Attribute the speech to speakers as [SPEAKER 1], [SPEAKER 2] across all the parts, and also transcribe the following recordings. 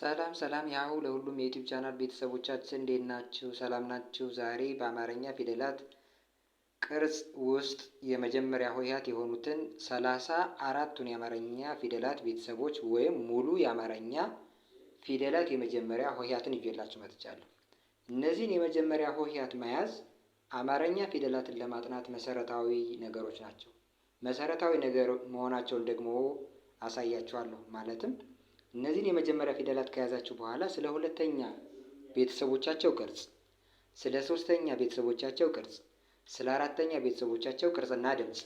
[SPEAKER 1] ሰላም ሰላም ያው ለሁሉም የዩቲዩብ ቻናል ቤተሰቦቻችን እንዴት ናችሁ? ሰላም ናችሁ? ዛሬ በአማርኛ ፊደላት ቅርጽ ውስጥ የመጀመሪያ ሆሄያት የሆኑትን ሰላሳ አራቱን የአማርኛ ፊደላት ቤተሰቦች ወይም ሙሉ የአማርኛ ፊደላት የመጀመሪያ ሆሄያትን ይዤላችሁ መጥቻለሁ። እነዚህን የመጀመሪያ ሆሄያት መያዝ አማርኛ ፊደላትን ለማጥናት መሰረታዊ ነገሮች ናቸው። መሰረታዊ ነገር መሆናቸውን ደግሞ አሳያችኋለሁ ማለትም እነዚህን የመጀመሪያ ፊደላት ከያዛችሁ በኋላ ስለ ሁለተኛ ቤተሰቦቻቸው ቅርጽ፣ ስለ ሶስተኛ ቤተሰቦቻቸው ቅርጽ፣ ስለ አራተኛ ቤተሰቦቻቸው ቅርጽና ድምፅ፣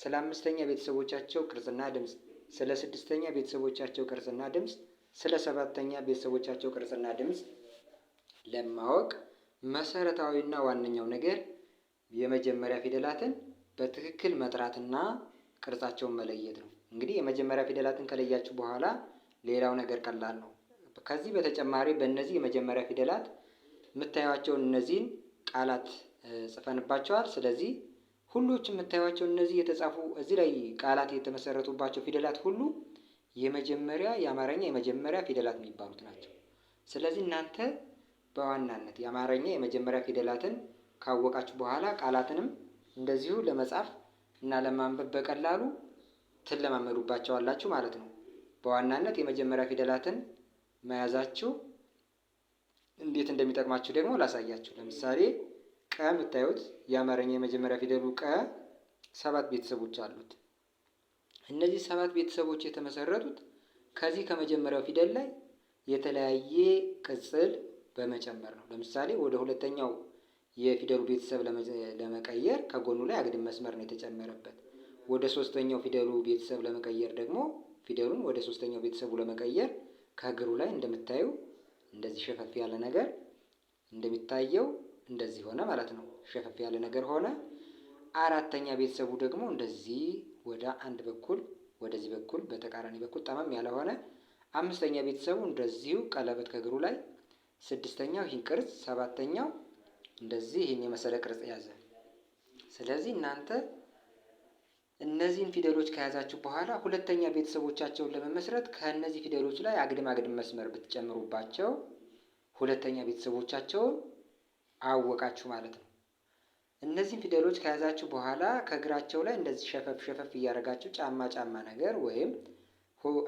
[SPEAKER 1] ስለ አምስተኛ ቤተሰቦቻቸው ቅርጽና ድምፅ፣ ስለ ስድስተኛ ቤተሰቦቻቸው ቅርጽና ድምፅ፣ ስለ ሰባተኛ ቤተሰቦቻቸው ቅርጽና ድምፅ ለማወቅ መሰረታዊና ዋነኛው ነገር የመጀመሪያ ፊደላትን በትክክል መጥራትና ቅርጻቸውን መለየት ነው። እንግዲህ የመጀመሪያ ፊደላትን ከለያችሁ በኋላ ሌላው ነገር ቀላል ነው። ከዚህ በተጨማሪ በእነዚህ የመጀመሪያ ፊደላት የምታዩቸውን እነዚህን ቃላት ጽፈንባቸዋል። ስለዚህ ሁሎች የምታዩቸው እነዚህ የተጻፉ እዚህ ላይ ቃላት የተመሰረቱባቸው ፊደላት ሁሉ የመጀመሪያ የአማርኛ የመጀመሪያ ፊደላት የሚባሉት ናቸው። ስለዚህ እናንተ በዋናነት የአማርኛ የመጀመሪያ ፊደላትን ካወቃችሁ በኋላ ቃላትንም እንደዚሁ ለመጻፍ እና ለማንበብ በቀላሉ ትለማመዱባቸዋላችሁ ማለት ነው። በዋናነት የመጀመሪያ ፊደላትን መያዛችሁ እንዴት እንደሚጠቅማችሁ ደግሞ ላሳያችሁ። ለምሳሌ ቀ የምታዩት የአማርኛ የመጀመሪያ ፊደሉ ቀ ሰባት ቤተሰቦች አሉት። እነዚህ ሰባት ቤተሰቦች የተመሰረቱት ከዚህ ከመጀመሪያው ፊደል ላይ የተለያየ ቅጽል በመጨመር ነው። ለምሳሌ ወደ ሁለተኛው የፊደሉ ቤተሰብ ለመቀየር ከጎኑ ላይ አግድም መስመር ነው የተጨመረበት። ወደ ሶስተኛው ፊደሉ ቤተሰብ ለመቀየር ደግሞ ፊደሉን ወደ ሶስተኛው ቤተሰቡ ለመቀየር ከእግሩ ላይ እንደምታዩ እንደዚህ ሸፈፍ ያለ ነገር እንደሚታየው እንደዚህ ሆነ ማለት ነው። ሸፈፍ ያለ ነገር ሆነ። አራተኛ ቤተሰቡ ደግሞ እንደዚህ ወደ አንድ በኩል ወደዚህ በኩል በተቃራኒ በኩል ጠመም ያለ ሆነ። አምስተኛ ቤተሰቡ እንደዚሁ ቀለበት ከእግሩ ላይ፣ ስድስተኛው ይህን ቅርጽ፣ ሰባተኛው እንደዚህ ይህን የመሰለ ቅርጽ ያዘ። ስለዚህ እናንተ እነዚህን ፊደሎች ከያዛችሁ በኋላ ሁለተኛ ቤተሰቦቻቸውን ለመመስረት ከእነዚህ ፊደሎች ላይ አግድም አግድም መስመር ብትጨምሩባቸው ሁለተኛ ቤተሰቦቻቸውን አወቃችሁ ማለት ነው። እነዚህን ፊደሎች ከያዛችሁ በኋላ ከእግራቸው ላይ እንደዚህ ሸፈፍ ሸፈፍ እያደረጋችሁ ጫማ ጫማ ነገር ወይም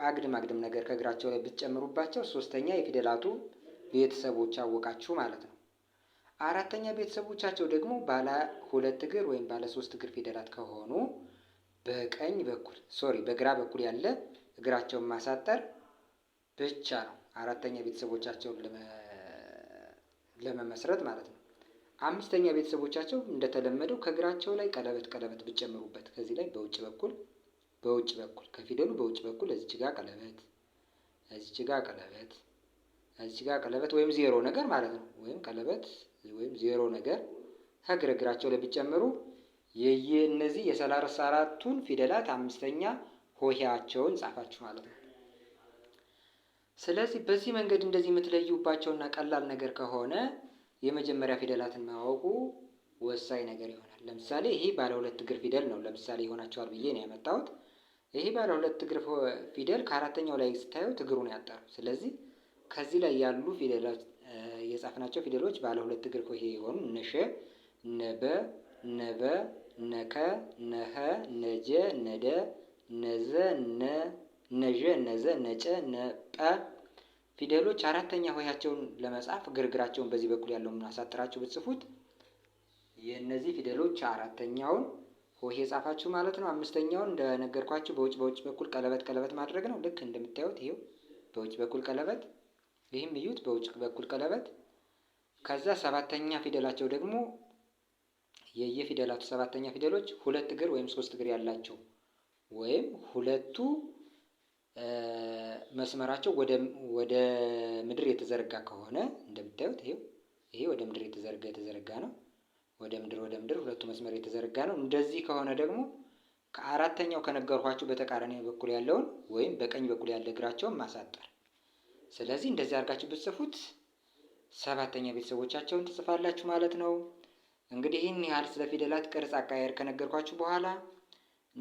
[SPEAKER 1] አግድም አግድም ነገር ከእግራቸው ላይ ብትጨምሩባቸው ሶስተኛ የፊደላቱ ቤተሰቦች አወቃችሁ ማለት ነው። አራተኛ ቤተሰቦቻቸው ደግሞ ባለ ሁለት እግር ወይም ባለ ሶስት እግር ፊደላት ከሆኑ በቀኝ በኩል ሶሪ በግራ በኩል ያለ እግራቸውን ማሳጠር ብቻ ነው። አራተኛ ቤተሰቦቻቸውን ለመመስረት ማለት ነው። አምስተኛ ቤተሰቦቻቸው እንደተለመደው ከእግራቸው ላይ ቀለበት ቀለበት ብጨምሩበት ከዚህ ላይ በውጭ በኩል በውጭ በኩል ከፊደሉ በውጭ በኩል እዚች ጋር ቀለበት እዚች ጋር ቀለበት እዚች ጋር ቀለበት ወይም ዜሮ ነገር ማለት ነው። ወይም ቀለበት ወይም ዜሮ ነገር ከእግር እግራቸው ላይ ብጨምሩ የየ እነዚህ የሰላሳ አራቱን ፊደላት አምስተኛ ሆሄያቸውን ጻፋችሁ ማለት ነው። ስለዚህ በዚህ መንገድ እንደዚህ የምትለዩባቸውና ቀላል ነገር ከሆነ የመጀመሪያ ፊደላትን ማወቁ ወሳኝ ነገር ይሆናል። ለምሳሌ ይሄ ባለ ሁለት እግር ፊደል ነው። ለምሳሌ ይሆናቸዋል ብዬ ነው ያመጣሁት። ይሄ ባለ ሁለት እግር ፊደል ከአራተኛው ላይ ስታዩት እግሩን ያጠረው። ስለዚህ ከዚህ ላይ ያሉ ፊደላት የጻፍናቸው ፊደሎች ባለ ሁለት እግር ሆሄ የሆኑ ነሸ፣ ነበ፣ ነበ ነከ ነኸ ነጀ ነደ ነዘ ነ ነዠ ነዘ ነጨ ነጰ ፊደሎች አራተኛ ሆሄያቸውን ለመጻፍ ግርግራቸውን በዚህ በኩል ያለው አሳጥራቸው ብትጽፉት የእነዚህ ፊደሎች አራተኛውን ሆሄ ጻፋችሁ ማለት ነው። አምስተኛውን እንደነገርኳችሁ በውጭ በውጭ በኩል ቀለበት ቀለበት ማድረግ ነው። ልክ እንደምታዩት ይሄው በውጭ በኩል ቀለበት፣ ይህም እዩት በውጭ በኩል ቀለበት። ከዛ ሰባተኛ ፊደላቸው ደግሞ የየፊደላቱ ሰባተኛ ፊደሎች ሁለት እግር ወይም ሶስት እግር ያላቸው ወይም ሁለቱ መስመራቸው ወደ ምድር የተዘረጋ ከሆነ እንደምታዩት ይሄው ይሄ ወደ ምድር የተዘረጋ የተዘረጋ ነው። ወደ ምድር ወደ ምድር ሁለቱ መስመር የተዘረጋ ነው። እንደዚህ ከሆነ ደግሞ ከአራተኛው ከነገርኳችሁ በተቃራኒ በኩል ያለውን ወይም በቀኝ በኩል ያለ እግራቸውን ማሳጠር። ስለዚህ እንደዚህ አድርጋችሁ ብትጽፉት ሰባተኛ ቤተሰቦቻቸውን ትጽፋላችሁ ማለት ነው። እንግዲህ ይህን ያህል ስለ ፊደላት ቅርጽ አካሄድ ከነገርኳችሁ በኋላ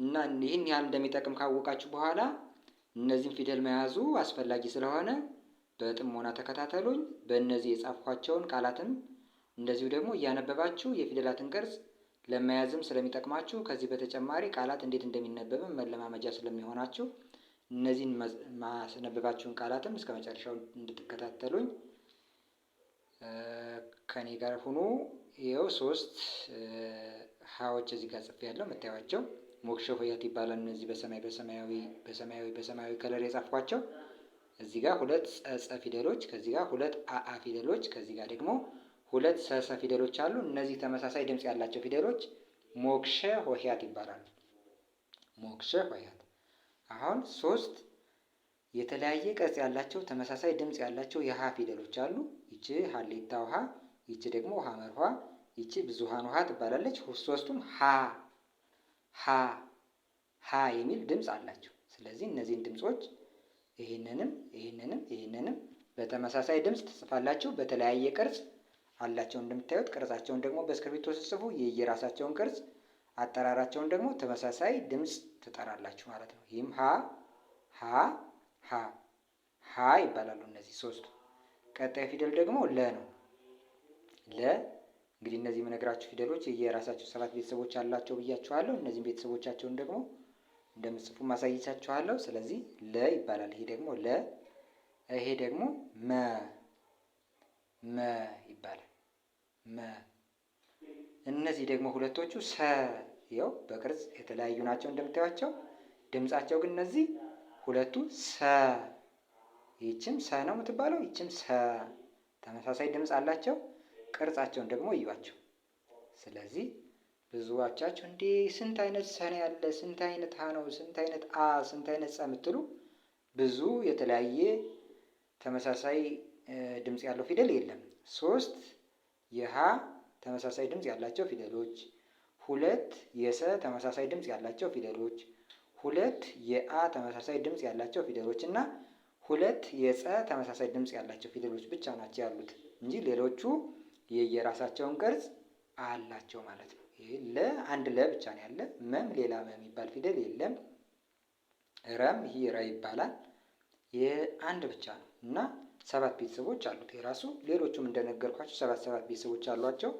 [SPEAKER 1] እና ይህን ያህል እንደሚጠቅም ካወቃችሁ በኋላ እነዚህን ፊደል መያዙ አስፈላጊ ስለሆነ በጥሞና ተከታተሉኝ። በእነዚህ የጻፍኳቸውን ቃላትም እንደዚሁ ደግሞ እያነበባችሁ የፊደላትን ቅርጽ ለመያዝም ስለሚጠቅማችሁ ከዚህ በተጨማሪ ቃላት እንዴት እንደሚነበብም መለማመጃ ስለሚሆናችሁ እነዚህን ማስነበባችሁን ቃላትም እስከ መጨረሻው እንድትከታተሉኝ ከኔ ጋር ሁኑ። ይኸው ሶስት ሀዎች እዚህ ጋር ያለው የምታዩቸው ሞክሸ ሆያት ይባላል። እነዚህ በሰማይ በሰማያዊ በሰማያዊ በሰማያዊ ከለር የጻፍኳቸው እዚህ ጋር ሁለት ጸጸ ፊደሎች ከዚህ ጋር ሁለት አአ ፊደሎች ከዚህ ጋር ደግሞ ሁለት ሰሰ ፊደሎች አሉ። እነዚህ ተመሳሳይ ድምፅ ያላቸው ፊደሎች ሞክሸ ሆያት ይባላሉ። ሞክሸ ሆያት አሁን ሶስት የተለያየ ቅርጽ ያላቸው ተመሳሳይ ድምፅ ያላቸው የሀ ፊደሎች አሉ። ይቺ ሀሌታ ውሃ፣ ይቺ ደግሞ ሀመር ውሃ፣ ይቺ ብዙሃን ውሃ ትባላለች። ሶስቱም ሀ ሀ ሀ የሚል ድምፅ አላቸው። ስለዚህ እነዚህን ድምፆች ይህንንም ይህንንም ይህንንም በተመሳሳይ ድምፅ ትጽፋላችሁ። በተለያየ ቅርጽ አላቸው እንደምታዩት። ቅርጻቸውን ደግሞ በእስክርቢቶ ስጽፉ የየራሳቸውን ቅርጽ፣ አጠራራቸውን ደግሞ ተመሳሳይ ድምፅ ትጠራላችሁ ማለት ነው። ይህም ሀ ሀ ሀ ሀ ይባላሉ እነዚህ ሶስቱ። ቀጣይ ፊደል ደግሞ ለ ነው ለ እንግዲህ እነዚህ የምነግራችሁ ፊደሎች የየራሳቸው ሰባት ቤተሰቦች አላቸው ብያችኋለሁ። እነዚህም ቤተሰቦቻቸውን ደግሞ እንደምጽፉ ማሳየቻችኋለሁ። ስለዚህ ለ ይባላል። ይሄ ደግሞ ለ፣ ይሄ ደግሞ መ መ ይባላል። መ እነዚህ ደግሞ ሁለቶቹ ሰ ይኸው በቅርጽ የተለያዩ ናቸው እንደምታዩቸው። ድምጻቸው ግን እነዚህ ሁለቱ ሰ ይችም ሰ ነው የምትባለው፣ ይችም ሰ ተመሳሳይ ድምፅ አላቸው። ቅርጻቸውን ደግሞ እዩዋቸው። ስለዚህ ብዙዎቻችሁ እንዴ ስንት አይነት ሰነ ያለ ስንት አይነት ሀ ነው ስንት አይነት አ ስንት አይነት ጸ የምትሉ ብዙ የተለያየ ተመሳሳይ ድምፅ ያለው ፊደል የለም። ሶስት የሀ ተመሳሳይ ድምፅ ያላቸው ፊደሎች፣ ሁለት የሰ ተመሳሳይ ድምፅ ያላቸው ፊደሎች፣ ሁለት የአ ተመሳሳይ ድምፅ ያላቸው ፊደሎች እና ሁለት የጸ ተመሳሳይ ድምፅ ያላቸው ፊደሎች ብቻ ናቸው ያሉት እንጂ ሌሎቹ የየራሳቸውን ቅርጽ አላቸው ማለት ነው። ይህ ለ አንድ ለ ብቻ ነው ያለ። መም ሌላ መ የሚባል ፊደል የለም። ረም ይህ ረ ይባላል። አንድ ብቻ ነው እና ሰባት ቤተሰቦች አሉት የራሱ። ሌሎቹም እንደነገርኳቸው ሰባት ሰባት ቤተሰቦች አሏቸው።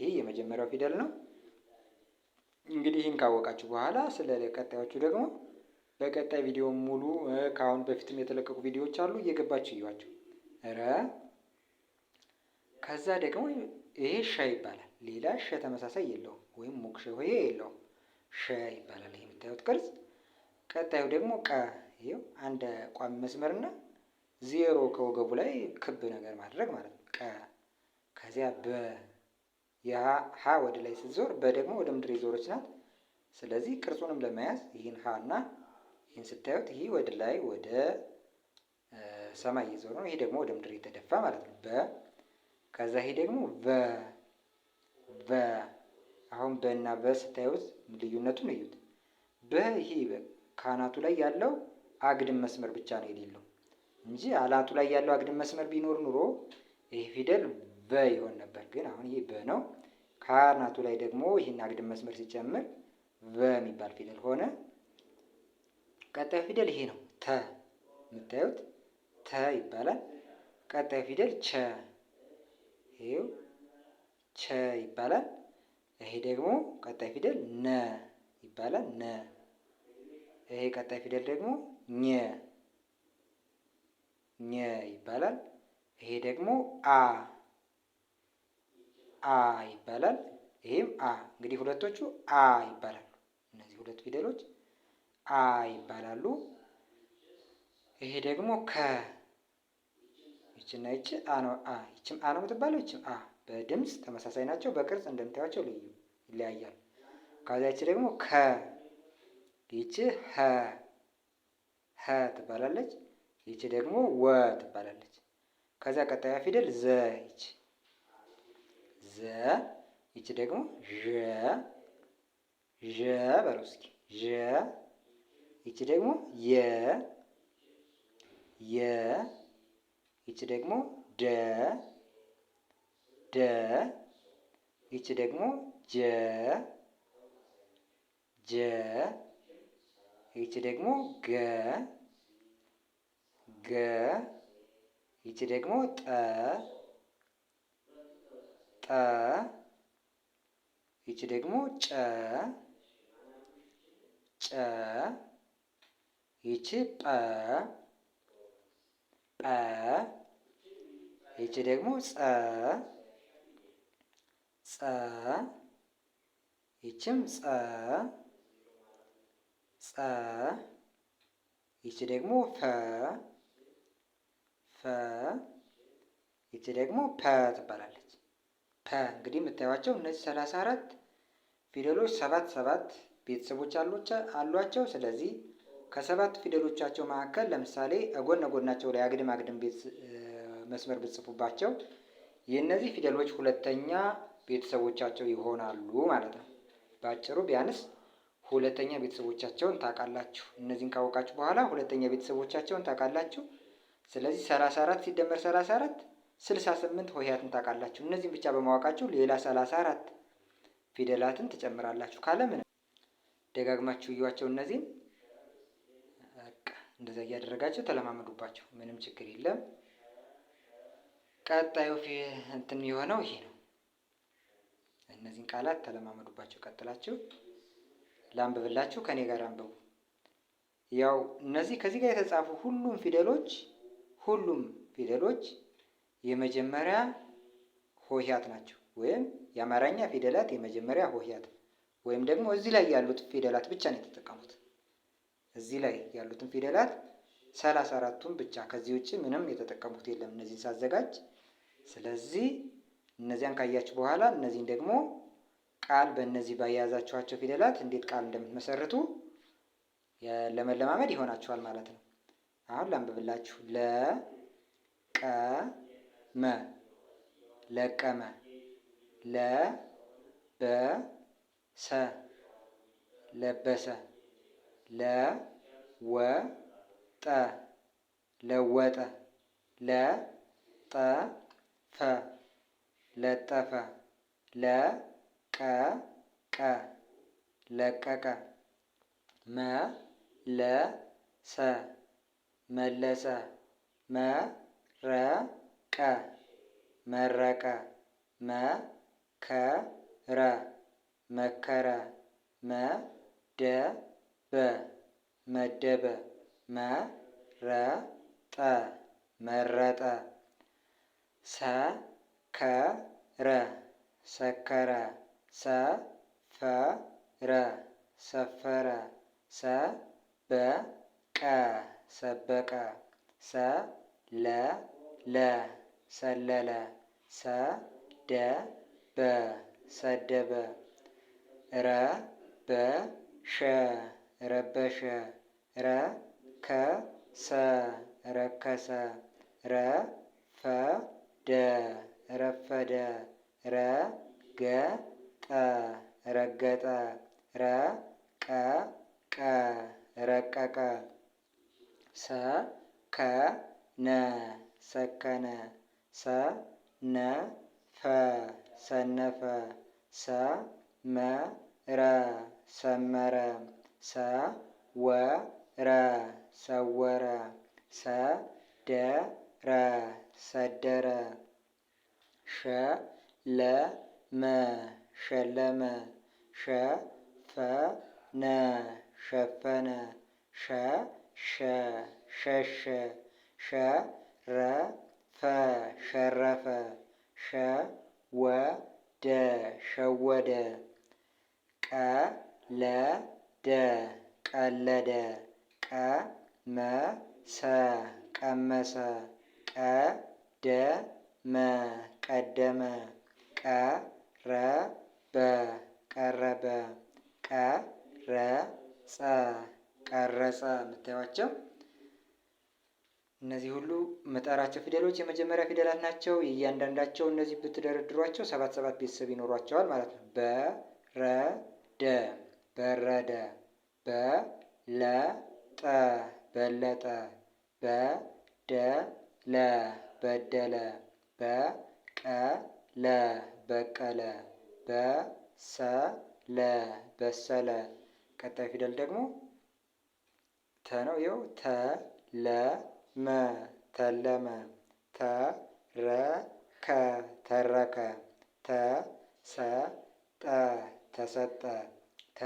[SPEAKER 1] ይህ የመጀመሪያው ፊደል ነው። እንግዲህ ይህን ካወቃችሁ በኋላ ስለ ቀጣዮቹ ደግሞ በቀጣይ ቪዲዮ ሙሉ ከአሁን በፊትም የተለቀቁ ቪዲዮዎች አሉ እየገባችሁ እዩዋቸው። ረ ከዛ ደግሞ ይሄ ሸ ይባላል። ሌላ ሸ ተመሳሳይ የለውም፣ ወይም ሞክሸ ሆሄ የለውም። ሸ ይባላል ይሄ የምታዩት ቅርጽ። ቀጣዩ ደግሞ ቀ። ይኸው አንድ ቋሚ መስመር እና ዜሮ ከወገቡ ላይ ክብ ነገር ማድረግ ማለት ነው። ቀ ከዚያ በ የሀ ወደ ላይ ስትዞር በ ደግሞ ወደ ምድር የዞረች ናት። ስለዚህ ቅርጹንም ለመያዝ ይህን ሀ እና ይህን ስታዩት ይህ ወደ ላይ ወደ ሰማይ እየዞረ ነው። ይሄ ደግሞ ወደ ምድር የተደፋ ማለት ነው በ ከዛ ይሄ ደግሞ በ በ አሁን በና በ ስታዩት ልዩነቱን እዩት። በ ይሄ ካናቱ ላይ ያለው አግድም መስመር ብቻ ነው የሌለው እንጂ አናቱ ላይ ያለው አግድም መስመር ቢኖር ኑሮ ይሄ ፊደል በ ይሆን ነበር። ግን አሁን ይሄ በ ነው። ካናቱ ላይ ደግሞ ይህን አግድም መስመር ሲጨምር በ የሚባል ፊደል ሆነ። ቀጣዩ ፊደል ይሄ ነው። ተ የምታዩት ተ ይባላል። ቀጣዩ ፊደል ቸ ይሄው ቸ ይባላል። ይሄ ደግሞ ቀጣይ ፊደል ነ ይባላል። ነ ይሄ ቀጣይ ፊደል ደግሞ ኘ ኘ ይባላል። ይሄ ደግሞ አ አ ይባላል። ይሄም አ እንግዲህ ሁለቶቹ አ ይባላሉ። እነዚህ ሁለት ፊደሎች አ ይባላሉ። ይሄ ደግሞ ከ ይችና ይች አ ነው አ ይችም አ ነው የምትባለው ይችም አ በድምፅ ተመሳሳይ ናቸው። በቅርጽ እንደምታያቸው ልዩ ይለያያሉ። ከዛ ይች ደግሞ ከ ይች ሀ ሀ ትባላለች። ይች ደግሞ ወ ትባላለች። ከዛ ቀጣዩ ፊደል ዘ ይች ዘ ይች ደግሞ ዠ ዠ በሉ እስኪ ዠ ይች ደግሞ የ የ ይቺ ደግሞ ደ ደ ይቺ ደግሞ ጀ ጀ ይቺ ደግሞ ገ ገ ይቺ ደግሞ ጠ ጠ ይቺ ደግሞ ጨ ጨ ይቺ ጰ ጰ ይቺ ደግሞ ጸ ጸ ይችም ጸ ጸ ይቺ ደግሞ ፈ ፈ ይቺ ደግሞ ፐ ትባላለች። ፐ እንግዲህ የምታዩቸው እነዚህ ሰላሳ አራት ፊደሎች ሰባት ሰባት ቤተሰቦች አሏቸው። ስለዚህ ከሰባት ፊደሎቻቸው መካከል ለምሳሌ እጎን ጎናቸው ላይ አግድም አግድም ቤት መስመር ብጽፉባቸው የእነዚህ ፊደሎች ሁለተኛ ቤተሰቦቻቸው ይሆናሉ ማለት ነው። በአጭሩ ቢያንስ ሁለተኛ ቤተሰቦቻቸውን ታውቃላችሁ። እነዚህን ካወቃችሁ በኋላ ሁለተኛ ቤተሰቦቻቸውን ታውቃላችሁ። ስለዚህ ሰላሳ ሲደመር ሰላሳ አራት ስልሳ ስምንት ሆሄያትን ታውቃላችሁ። እነዚህን ብቻ በማወቃችሁ ሌላ ሰላሳ አራት ፊደላትን ትጨምራላችሁ። ካለምን ደጋግማችሁ እዩዋቸው እነዚህን እንደዛ እያደረጋቸው ተለማመዱባቸው። ምንም ችግር የለም። ቀጣዩ እንትን የሆነው ይሄ ነው። እነዚህን ቃላት ተለማመዱባቸው። ቀጥላችሁ ላንብብላችሁ፣ ከኔ ጋር አንብቡ። ያው እነዚህ ከዚህ ጋር የተጻፉ ሁሉም ፊደሎች ሁሉም ፊደሎች የመጀመሪያ ሆሄያት ናቸው፣ ወይም የአማርኛ ፊደላት የመጀመሪያ ሆሄያት ወይም ደግሞ እዚህ ላይ ያሉት ፊደላት ብቻ ነው የተጠቀሙት። እዚህ ላይ ያሉትን ፊደላት ሰላሳ አራቱን ብቻ ከዚህ ውጭ ምንም የተጠቀሙት የለም እነዚህን ሳዘጋጅ። ስለዚህ እነዚያን ካያችሁ በኋላ እነዚህን ደግሞ ቃል በእነዚህ ባያያዛችኋቸው ፊደላት እንዴት ቃል እንደምትመሰርቱ ለመለማመድ ይሆናችኋል ማለት ነው። አሁን ላንብብላችሁ። ለቀመ ለቀመ ለበሰ ለበሰ ለወጠ ለወጠ ለጠፈ ለጠፈ ለቀቀ ለቀቀ መለሰ መለሰ መረቀ መረቀ መከረ መከረ መደ መደበ መረጠ መረጠ ሰከረ ሰከረ ሰፈረ ሰፈረ ሰበቀ ሰበቀ ሰለለ ሰለለ ሰደበ ሰደበ ረበሸ ረበሸ ረ ከ ሰ ረከሰ ረ ፈ ደ ረፈደ ረ ገ ጠ ረገጠ ረ ቀ ቀ ረቀቀ ሰ ከ ነ ሰከነ ሰ ነ ፈ ሰነፈ ሰ መ ረ ሰመረ ሰ ወ ረ ሰወረ ሰ ደ ረ ሰደረ ሸ ለ መ ሸለመ ሸ ፈ ነ ሸፈነ ሸ ሸ ሸሸ ሸ ረ ፈ ሸረፈ ሸ ወ ደ ሸወደ ቀ ለ ደ ቀለደ ቀ መ ሰ ቀመሰ ቀ ደ መ ቀደመ ቀ ረ በ ቀረበ ቀ ረ ጸ ቀረጸ የምታዩቸው እነዚህ ሁሉ መጠራቸው ፊደሎች የመጀመሪያ ፊደላት ናቸው። የእያንዳንዳቸው እነዚህ ብትደረድሯቸው ሰባት ሰባት ቤተሰብ ይኖሯቸዋል ማለት ነው። በ ረ ደ በረደ በለጠ በለጠ በደለ በደለ በቀለ በቀለ በሰለ በሰለ ቀጣይ ፊደል ደግሞ ተ ነው። ይኸው ተለመ ተለመ ተረከ ተረከ ተሰጠ ተሰጠ ተ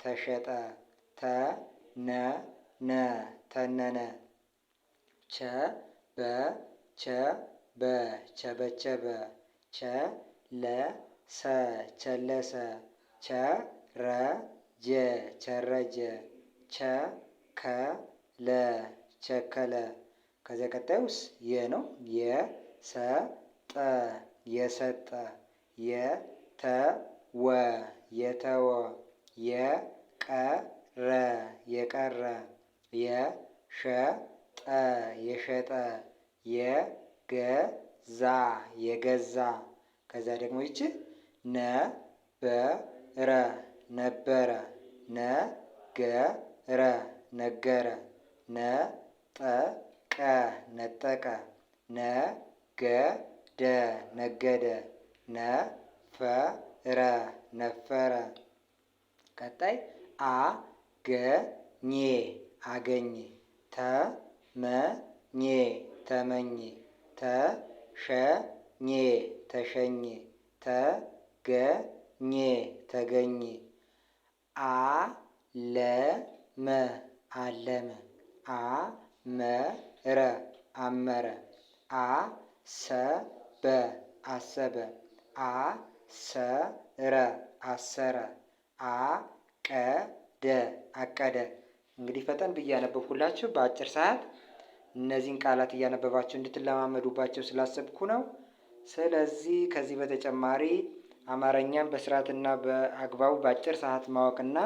[SPEAKER 1] ተሸጠ ነ ተነነ ተነነ ቸበቸበ ሰ ቸለሰ ጀ ቸረጀ ከ ቸከለ ቸከለ ከዚያ ቀጣዩስ የ ነው የሰጠ የ ተ ወ የተወ የቀረ የቀረ የሸጠ የሸጠ የገዛ የገዛ ከዛ ደግሞ ይቺ ነበረ ነ ገ ረ ነገረ ነ ቀ ነጠቀ ነ ደ ነገደ ነ ፈ ረ ነፈረ። ቀጣይ አ ገ ኘ አገኘ ተ መ ኘ ተመኘ ተ ሸ ኘ ተሸኘ ተ ገ ኘ ተገኘ አ ለ መ አለመ አ መ ረ አመረ አ ሰ በ አሰበ አ ሰረ አሰረ አ ቀ ደ አቀደ። እንግዲህ ፈጠን ብዬ ያነበብኩላችሁ በአጭር ሰዓት እነዚህን ቃላት እያነበባችሁ እንድትለማመዱባቸው ስላሰብኩ ነው። ስለዚህ ከዚህ በተጨማሪ አማርኛን በስርዓትና በአግባቡ በአጭር ሰዓት ማወቅና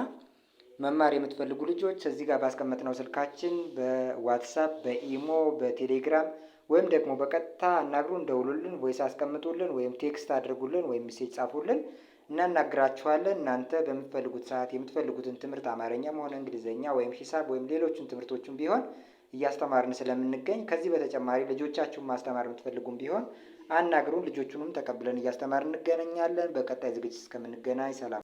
[SPEAKER 1] መማር የምትፈልጉ ልጆች እዚህ ጋር ባስቀመጥነው ስልካችን በዋትሳፕ፣ በኢሞ፣ በቴሌግራም ወይም ደግሞ በቀጥታ አናግሩን፣ ደውሉልን፣ ቮይስ አስቀምጡልን፣ ወይም ቴክስት አድርጉልን፣ ወይም ሜሴጅ ጻፉልን። እናናግራችኋለን። እናንተ በምትፈልጉት ሰዓት የምትፈልጉትን ትምህርት አማርኛም ሆነ እንግሊዝኛ ወይም ሂሳብ ወይም ሌሎችን ትምህርቶችን ቢሆን እያስተማርን ስለምንገኝ ከዚህ በተጨማሪ ልጆቻችሁን ማስተማር የምትፈልጉም ቢሆን አናግሩን። ልጆቹንም ተቀብለን እያስተማር እንገናኛለን። በቀጣይ ዝግጅት እስከምንገናኝ ሰላም